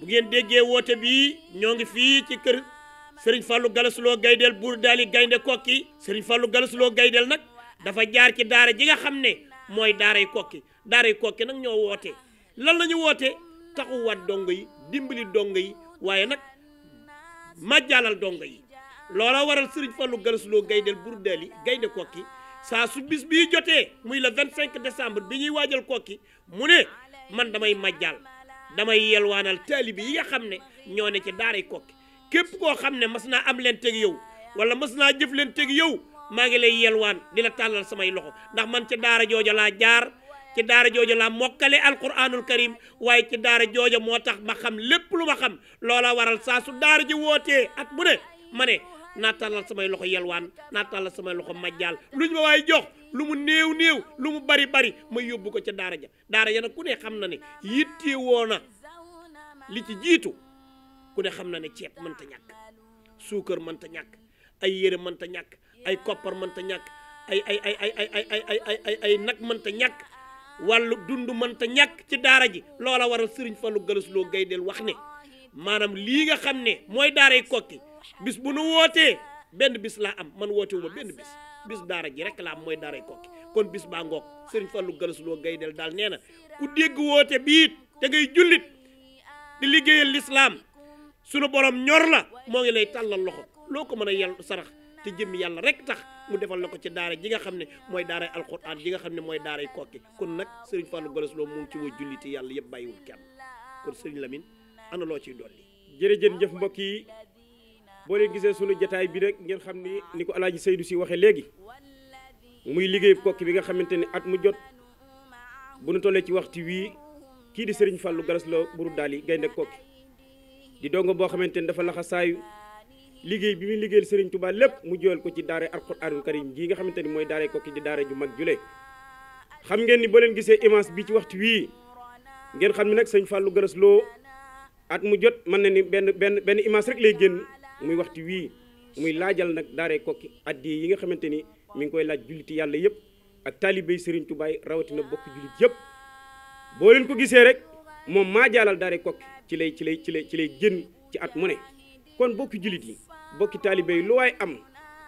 bu ngeen déggee woote bii ñoo ngi fii ci kër sëriñ Fallou Galass Lo Gaydel buur daali gaynde kokki sëriñ Fallou Galass Lo nag dafa jaar ci daara ji nga xam ne mooy daaray kokki daaray kokki nag ñoo woote lan la ñu woote taxuwaat dongo yi dimbali dongo yi waaye nag majjaalal dongo yi loola waral sëriñ Fallou Galass Lo Gaydel buur daali gaynde kokki saa su bis bii jotee muy le 25 décembre bi ñuy waajal kokki mu ne man damay majjaal damay yelwaanal taalibi yi nga xam ne ñoo ne ci daaray Koki képp koo xam ne mas naa am leen teg yow wala mas naa jëf leen teg yow maa ngi lay yelwaan di la tàllal samay loxo ndax man ci daara jooja laa jaar ci daara jooja laa mokkale alquranul karim waaye ci daara jooja moo tax ma xam lépp lu ma xam loola waral saa su daara ji wootee at bu ne ma ne naa tàllal samay loxo yelwaan naa tàllal samay loxo majjaal luñ ma waaye jox lu mu néew néew lu mu bari bari ma yóbbu ko ca daara ja daara ja nag ku ne xam na ne yitte woo na li ci jiitu ku ne xam na ne ceeb mënta ñàkk suukar mënta ñàkk ay yére mënta ñàkk ay koppar mënta ñàkk ay ay ay ay ay ay ay ay ay ay nag mënta ñàkk wàllu dund mënta ñàkk ci daara ji loola war a sëriñ Fallou Gallas Lo Gaydel wax ne maanaam lii nga xam ne mooy daaray kokki bis bu nu wootee benn bis laa am man wootewu ma benn bis bis daara ji rek la am mooy daaray kokki kon bis baa ngoog sëriñ Fallu loo gay del daal nee na ku dégg woote biit te ngay jullit di liggéeyal lislaam sunu borom ñor la moo ngi lay tàllal loxo loo ko mën a yal sarax te jëm yàlla rek tax mu defal la ko ci daara ji nga xam ne mooy daara daaray alquran ji nga xam ne mooy daaray kokki kon nag sëriñ Fallu galasuloo mu ngi ci woo julliti yàlla yëpp bàyyiwul kenn kon sëriñ Lamine ana loo ciy dolli boo leen gisee sunu jataay bi rek ngeen xam ni ni ko alaaji Seydou si waxee léegi muy liggéeyub kokki bi nga xamante ni at mu jot bu nu tollee ci waxtu wii kii di sëriñ Fallou Galass Lo buru daal yi gaynde kokki di dongo boo xamante ni dafa laxa saayu liggéey bi muy liggéeyal Serigne Touba lépp mu joyal ko ci daare alxuraanul karim gii nga xamante ni mooy daare kokki di daare ju mag jule xam ngeen ni boo leen gisee image bi ci waxtu wii ngeen xam ni nag sëñ Fallou Galass Lo at mu jot mën na ni benn benn benn image rek lay génn muy waxtu wii muy laajal nag daaree kokki at di yi nga xamante ni mi ngi koy laaj julliti yàlla yëpp ak taalibey Serigne Touba rawatina bokk jullit yëpp boo leen ko gisee rek moom maa jaalal daaree kokki ci lay ci lay ci ci lay génn ci at mu ne kon bokki jullit yi bokki taalibe lu waaye am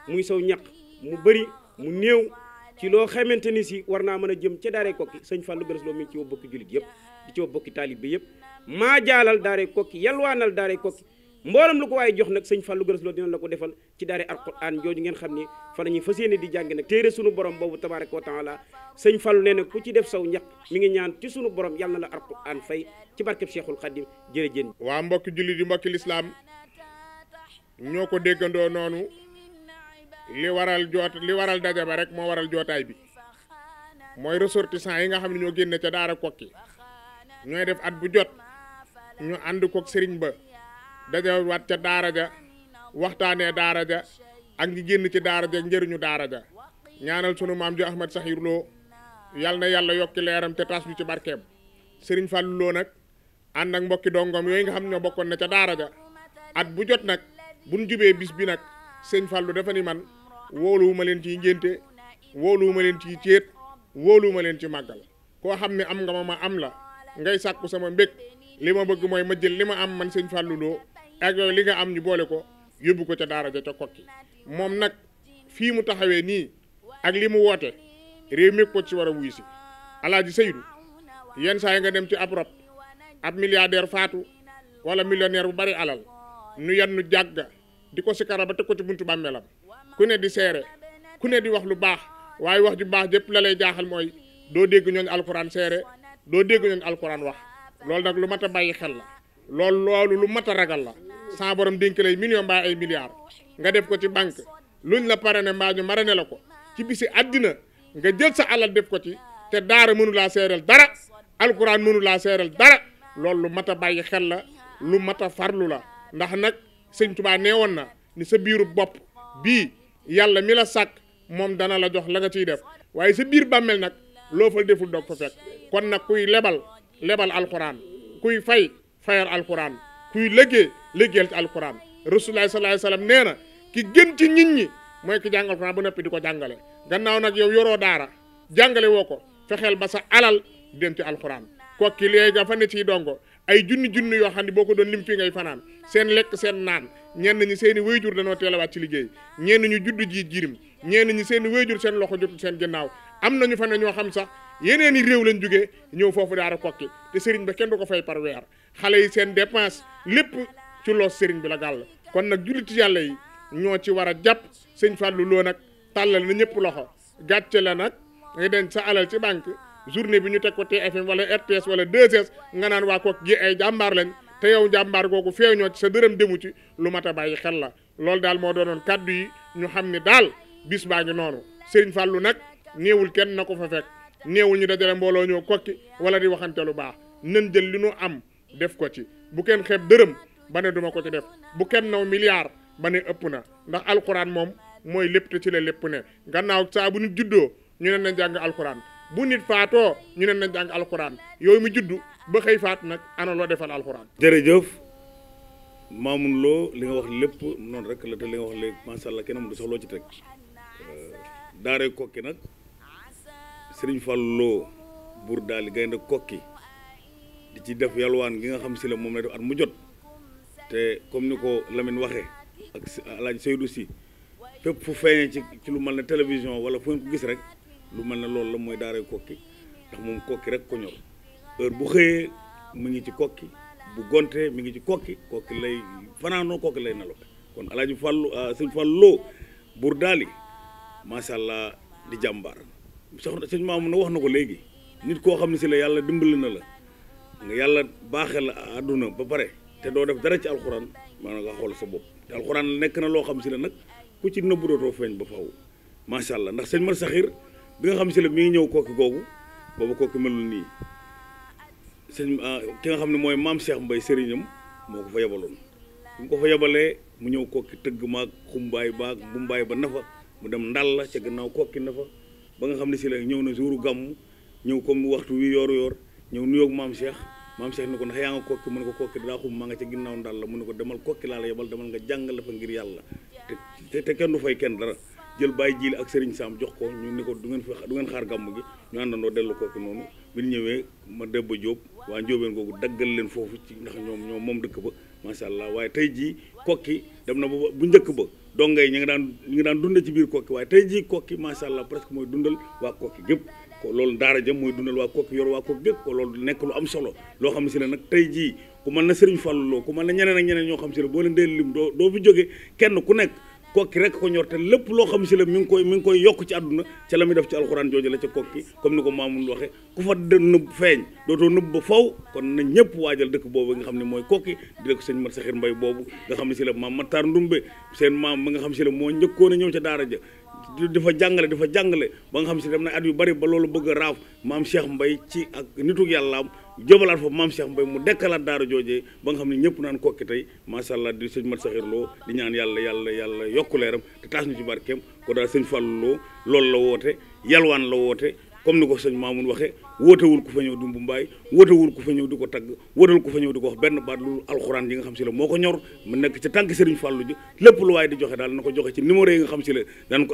muy saw ñaq mu bëri mu néew ci loo xamante ni si war naa mën a jëm ca daaree kokki sëñ Fallou Galass Lo mi ngi ci woo bokki jullit yëpp di ci woo bokki taalibe yëpp maa jaalal daaree kokki yalwaanal daaree kokki mboolem lu ko waaye jox nag sëñ Fallou Gëres Lo dina la ko defal ci daare alquran jooju ngeen xam ni fa la ñuy fas yéene di jàng nag téere sunu borom boobu tabaraka wa taala sëñ Fallou nee na ku ci def saw ñaq mi ngi ñaan ci sunu borom yàlla na la alquran fay ci barkeb Cheikhul Khadim jërëjëf waa mbokki jullit yi mbokki lislaam ñoo ko déggandoo noonu li waral joot li waral daja rek moo waral jootaay bi mooy ressortissants yi nga xam ne ñoo génne ca daara kokki ñooy def at bu jot ñu ànd kook sëriñ ba dajawaat ca daara ja waxtaanee daara ja ak ñi génn ci daara ja njëriñu daara ja ñaanal sunu maam ju Ahmad Saxiir Lo yal na yàlla yokki leeram te taas ñu ci barkeem Serigne Fallou loo nag ànd ak mbokki dongom yooyu nga xam ñoo bokkoon na ca daara at bu jot nag buñ jubee bis bi nag sëñ Fallou dafa ni man wóoluwuma leen ciy njéente wóoluwuma leen ciy céet wóoluwuma leen ci màggal koo xam ne am nga ma ma am la ngay sàkku sama mbég li ma bëgg mooy ma jël li ma am man sëñ Fallou ak yow li nga am ñu boole ko yóbbu ko ca daara ja ca kokki moom nag fii mu taxawee nii ak li mu woote réew mi ko ci war a wuy si alaaji Seydou yenn saa yi nga dem ci ab rob ab milliardaire faatu wala millionnaire bu bari alal nu yennu jàgga di ko si kara ba teg ko ci buntu bàmmeelam ku ne di seere ku ne di wax lu baax waaye wax ju baax jëpp la lay jaaxal mooy doo dégg ñooñ alxuraan seere doo dégg ñooñ alxuraan wax loolu nag lu mat a bàyyi xel la loolu loolu lu mat a ragal la sa borom dénk lay million mbaa ay milliards nga def ko ci banque luñ la parrainé mbaa ñu ne la ko ci bisi àddina nga jël sa alal def ko ci te daara mënulaa laa seeral dara alquran mënu laa seeral dara lool lu mat a bàyyi xel la lu mat a farlu la ndax nag sëñ Tuubaa nee woon na ni sa biiru bopp bii yàlla mi la sàkk moom dana la jox la nga ciy def waaye sa biir bàmmeel nag loo fa deful doog fa fekk kon nag kuy lebal lebal alquran kuy fay fayal alquran liggéeyal ci alquran rasulullah sallallahu alayhi wasallam nee na ki gën ci nit ñi mooy ki jàngal alquran ba noppi di ko jàngale gannaaw nag yow yoroo daara jàngale woo ko fexeel ba sa alal dem ci alquran kokki léegi nga fa ne ciy dongo ay junni junni yoo xam ne boo ko doon lim fii ngay fanaan seen lekk seen naan ñenn ñi seen i wéyjur dañoo teelawaat ci liggéey ñenn ñu juddu ji jirim ñenn ñi seen i wéyjur seen loxo jotul seen ginnaaw am nañu fan ne ñoo xam sax yeneen i réew lañ ñëw foofu daara kokki te ba kenn du ko fay par weer xale yi seen dépense lépp ci loos sëriñ bi la gàll kon nag julliti yàlla yi ñoo ci war a jàpp sëñ Fallou loo nag tàllal na ñëpp loxo gàcce la nag nga denc sa alal ci banque journée bi ñu teg ko TFM wala RTS wala 2 nga naan waa kook gi ay jàmbaar lañ te yow jàmbaar googu ñoo ci sa dërëm demu ci lu mat a bàyyi xel la loolu daal moo doonoon kàddu yi ñu xam ne daal bis baa ngi noonu sëriñ Fallou nag néewul kenn na ko fa fekk néewul ñu dajale mbooloo ñoo kokki wala di waxante lu baax nan jël li nu am def ko ci ba ne duma ko ci def bu kenn naw milliard ba ne ëpp na ndax alxuraan moom mooy lépp te ci la lépp ne gannaaw saa bu nit juddoo ñu ne na jàng alxuraan bu nit faatoo ñu ne na jàng alxuraan yooyu mi juddu ba xëy faat nag ana loo defal alxuraan. jërëjëf Mamoune Lo li nga wax lépp noonu rek la te li nga wax léegi macha allah kenn du sax loo ci teg euh, daaree kokki nag Serigne Fallou Lo buur daal di gaynde kokki di ci def yalwaan gi nga xam si la moom la def at mu jot. te comme ni ko Lamine waxee ak alaaj Seydou si fépp fu feeñee ci ci lu mel ne télévision wala fu ñu ko gis rek lu mel na loolu la mooy daaray kokki ndax moom kokki rek ko ñor bu xëyee mu ngi ci kokki bu gontee mi ngi ci kokki kokki lay fanaanoo kokki lay nelaw kon alaaji Fallou ah, sëñ Fallou Lo Bour Dali macha di jàmbaar soxna sëñ Mamoune wax na ko léegi nit koo xam ne si la yàlla dimbali na la nga yàlla baaxee la àdduna ba pare te doo def dara ci alxuraan maanaam nga xool sa bopp te alxuraan nekk na loo xam si ne nag ku ci nëbbu dootoo feeñ ba faaw macha allah ndax sëñ Mar Saxiir bi nga xam si ne mi ngi ñëw kooki googu boobu kooki melul nii sëñ ah, ki nga xam ne mooy maam Cheikh Mbaye sëriñam moo ko fa yebaloon bu ko fa yebalee mu ñëw kooki tëgg maag xumbaay baag bumbaay ba nafa mu dem ndal la ca gannaaw kooki nafa ba nga xam ne si la ñëw na jouru gàmmu ñëw comme waxtu wi yoor yoor ñëw nuyoog maam Cheikh. maam Cheikh ni ko ndax yaa nga kokki mu ne ko kokki daa xum ma nga ca ginnaaw ndàll mu ne ko demal kokki laa la yebal demal nga jàngal la fa ngir yàlla te te kenn du fay kenn dara jël bàyyi jiili ak Serigne Sam jox ko ñu ni ko du ngeen xaar gàmm gi ñu àndandoo dellu kokki noonu bi ñu ñëwee ma debba Jóob waa njóobeen googu daggal leen foofu ci ndax ñoom ñoom moom dëkk ba macha allah waaye tey jii kokki dem na ba bu njëkk ba dongay ñi nga daan ñi nga daan dund ci biir kokki waaye jii kokki macha allah presque mooy dundal waa kokki gépp ko loolu daara jëm mooy dundal waa Koki yor waa Koki ko loolu nekk lu am solo loo xam si nag tey jii ku mën na Serigne Fallou Lo ku mën na ñeneen ak ñeneen ñoo xam si ne boo leen dee lim doo doo fi kenn ku nekk kokki rek ko ñor lépp loo xam si la mi ngi koy mi ngi koy yokk ci àdduna ca la def ci alxuraan jooju la ca kokki comme ni ko Mamoun waxee ku fa de nëbb feeñ dootoo nëbb ba faw ñëpp waajal dëkk boobu nga xam ne mooy kokki di ko sëñ Mat Saxir Mbay boobu nga xam ne si la maam Matar Ndumbe seen maam ma nga xam si la moo njëkkoon a ñëw ca daara ja dafa jàngale dafa jàngale ba nga xam si dem na at yu bari ba loolu bëgg a raaf maam Cheikh Mbay ci ak nituk yàllaam jobalaat foofu maam Cheikh Mbay mu dekkalaat daara joojee ba nga xam ne ñëpp naan kokki tey macha allah di sëñ Mat Saxir loo di ñaan yàlla yàlla yàlla yokk leeram te taas ñu ci barkeem ko daal sëñ Fàllu Lo loolu la woote waan la woote comme ni ko sëñ Maamun waxee wootewul ku fa ñëw dumbu ku fa ñëw di ko tagg wootewul ku fa ñëw di ko wax benn baat lu alxuraan yi nga xam si la moo ko ñor mu nekk ci tànk sëriñ Fàllu lépp lu waaye di joxe daal na ko joxe ci numéro yi nga xam si la daan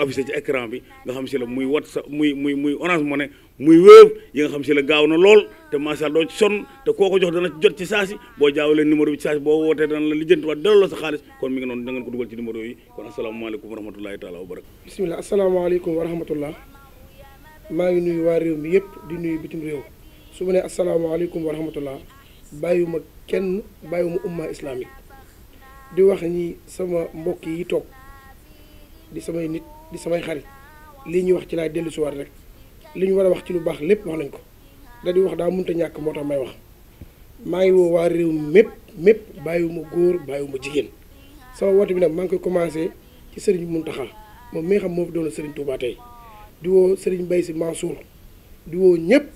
bi nga xam si la muy WhatsApp muy muy muy Orange Money muy wéew yi nga xam si la gaaw na lool te macha doo ci sonn te koo ko jox dana jot ci saasi boo jaawalee numéro bi ci saasi boo wootee dana la lijjantiwaat delloo sa xaalis kon mi ngi noonu da wa rahmatullahi maa ngi nuyu waa réew mi yëpp di nuyu bitim réew su ma nee asalaamaaleykum wa rahmatullah ma kenn ma umma islamique di wax ni sama mbokk yi toog di samay nit di samay xarit lii ñuy wax ci laay dellu si rek li ñu war a wax ci lu baax lépp wax nañ ko da di wax daa mënta ñàkk moo tax may wax maa ngi woo waa réew mi mépp mépp bàyyi bàyyiwuma góor ma jigéen sama woote bi nag maa ngi koy commencé ci sëriñ Muntaxa moom mi xam moo fi doon sëriñ Touba tey diwoo woo sëriñ Mbaye si Mansour di diwoo ñëpp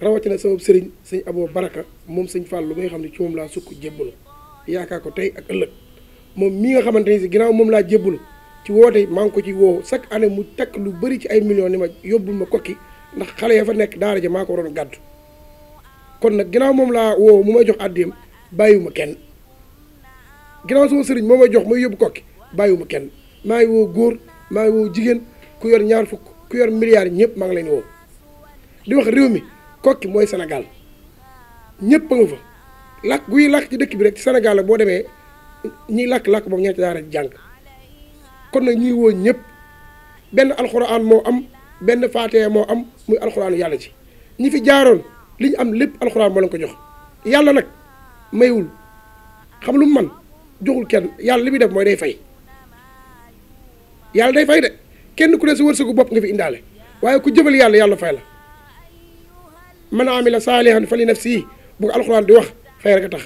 rawatina sama sëriñ sëñ aboo Baraka moom sëñ Fallou lu nga xam ne ci moom laa sukk jébbalu yaakaar ko tey ak ëllëg moom mii nga xamante ni si ginnaaw moom laa jébbalu ci woote maa ngi ko ci woo chaque année mu takk lu bari ci ay million ni ma yóbbul ma kokki ndax xale ya fa nekk daara ja maa ko waroon gàddu kon nag ginnaaw moom laa woo mu may jox àddeem bàyyiwuma kenn ginnaaw suma sëriñ moo may jox may yóbbu kokki bàyyiwuma kenn maa ngi woo góor maa ngi woo jigéen ku yor ñaar fukk ku yor milliards yi ñëpp maa ngi leen di wax réew mi kokki mooy Sénégal ñëpp a nga fa làkk guy làkk ci dëkk bi rek ci Sénégal la boo demee ñiy làkk-làkk boobu ñeenti daara jàng kon na ñuy woo ñëpp benn alxuraan moo am benn faatee moo am muy alxuraanu yàlla ci ñi fi jaaroon li ñu am lépp alxuraan moo lañ ko jox yàlla nag maywul xam lu mu man joxul kenn yàlla li muy def mooy day fay yàlla day fay de kenn ku ne sa wërsëgu bopp nga fi indaale waaye ku jëfal yàlla yàlla fay la man amila saalihan fali nafsihi bu ko di wax fay rek a tax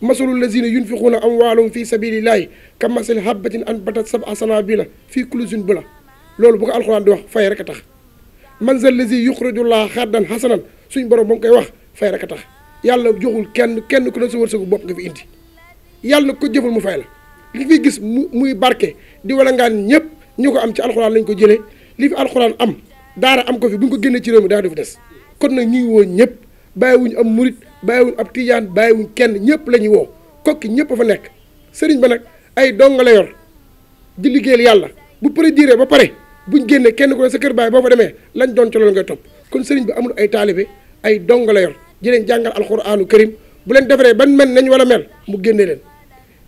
masalul lazina yunfiquuna amwaalahum fi sabilillahi ka masali habbatin anbatat sab'a sanaabila fii kulli sunbula loolu bu ko alxuraan di wax fay rek tax man zal lazi yuxrijullaha xardan xasanan suñ borom ba mu koy wax fay rek a tax yàlla joxul kenn kenn ku ne sa wërsëgu bopp nga fi indi yàlla ko jëfal mu fay la li fi gis mu muy barke di wala ngaan ñëpp ñu ko am ci alxuraan lañ ko jëlee lii fi alxuraan am daara am ko fi bu ñu ko génnee ci réew mi di def des kon nag ñuy woo ñëpp bàyyiwuñ am murit bàyyiwuñ ab tijaan bàyyiwuñ kenn ñëpp la ñuy woo kokki ñëpp fa nekk sëriñ ba nag ay donga la yor di liggéeyal yàlla bu prédire ba pare bu buñ génnee kenn ku ne sa kër baay boo fa demee lañ doon ci loolu ngay topp kon sëriñ bi amul ay taalibe ay donga la yor di leen jàngal alxuraanu karim bu leen defaree ban mel nañ wala mel mu génne leen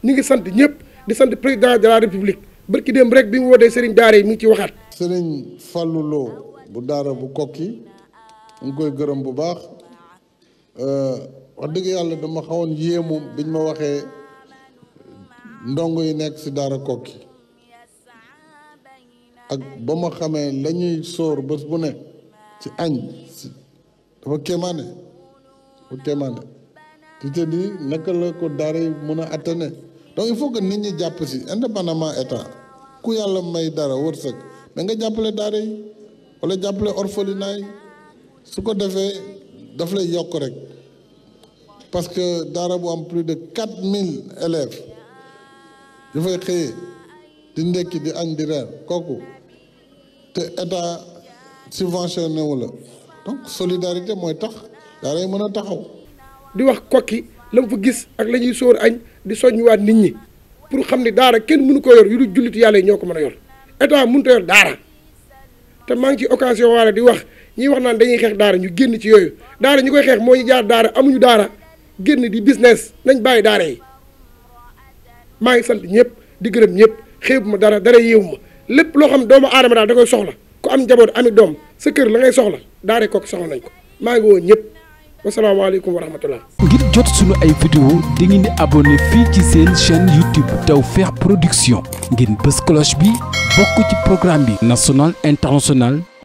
ñu ngi sant ñëpp di sant président de la république bërki dem rek bi mu wootee sëriñ daara yi mu ngi ci waxaat. sëriñ Fallou bu daara bu kokki koy gërëm bu baax euh, wax dëgg yàlla dama xawoon yéemu biñ ma waxee ndongo yi nekk ci daara kokki ak ba ma xamee lañuy ñuy sóor bés bu ne ci añ dafa kéemaane dafa kéemaane tu te dis naka la ko daara yi mën a attane donc il faut que nit ñi jàpp si indépendamment état ku yàlla may dara wërsëg mais nga jàppale daara walla wala jàppale orphelinat yi su ko defee daf lay yokk rek parce que daara bu am plus de quatre mille élèves dafay xëyee di ndekki di añ di reer kooku te état subventionné wu la donc solidarité mooy tax daara yi mën a taxaw. di wax kokki la mu fa gis ak la ñuy añ di soññuwaat nit ñi. pour xam ne daara kenn mënu ko yor yu dul jullitu yàlla yi ñoo ko mën a yor état mënut a yor daara te maa ngi ci occasion waale di wax ñiy wax naan dañuy xeex daara ñu génn ci yooyu daara ñu koy xeex moo ñu jaar daara amuñu daara génn di business nañ bàyyi daara yi maa ngi sant ñëpp di gërëm ñëpp xeebu ma dara dara yéewu ma lépp loo xam doomu aadama daal da koy soxla ku am njaboot ami doom sa kër la ngay soxla daara kooku soxla nañ ko maa ngi woo ñëpp. wasalaamaaleykum wa rahmatullah ngir jot suñu ay vidéo di ngeen di abonné fii ci seen chaîne YouTube Tawfekh Production ngeen bës cloche bi bokk ci programme bi national international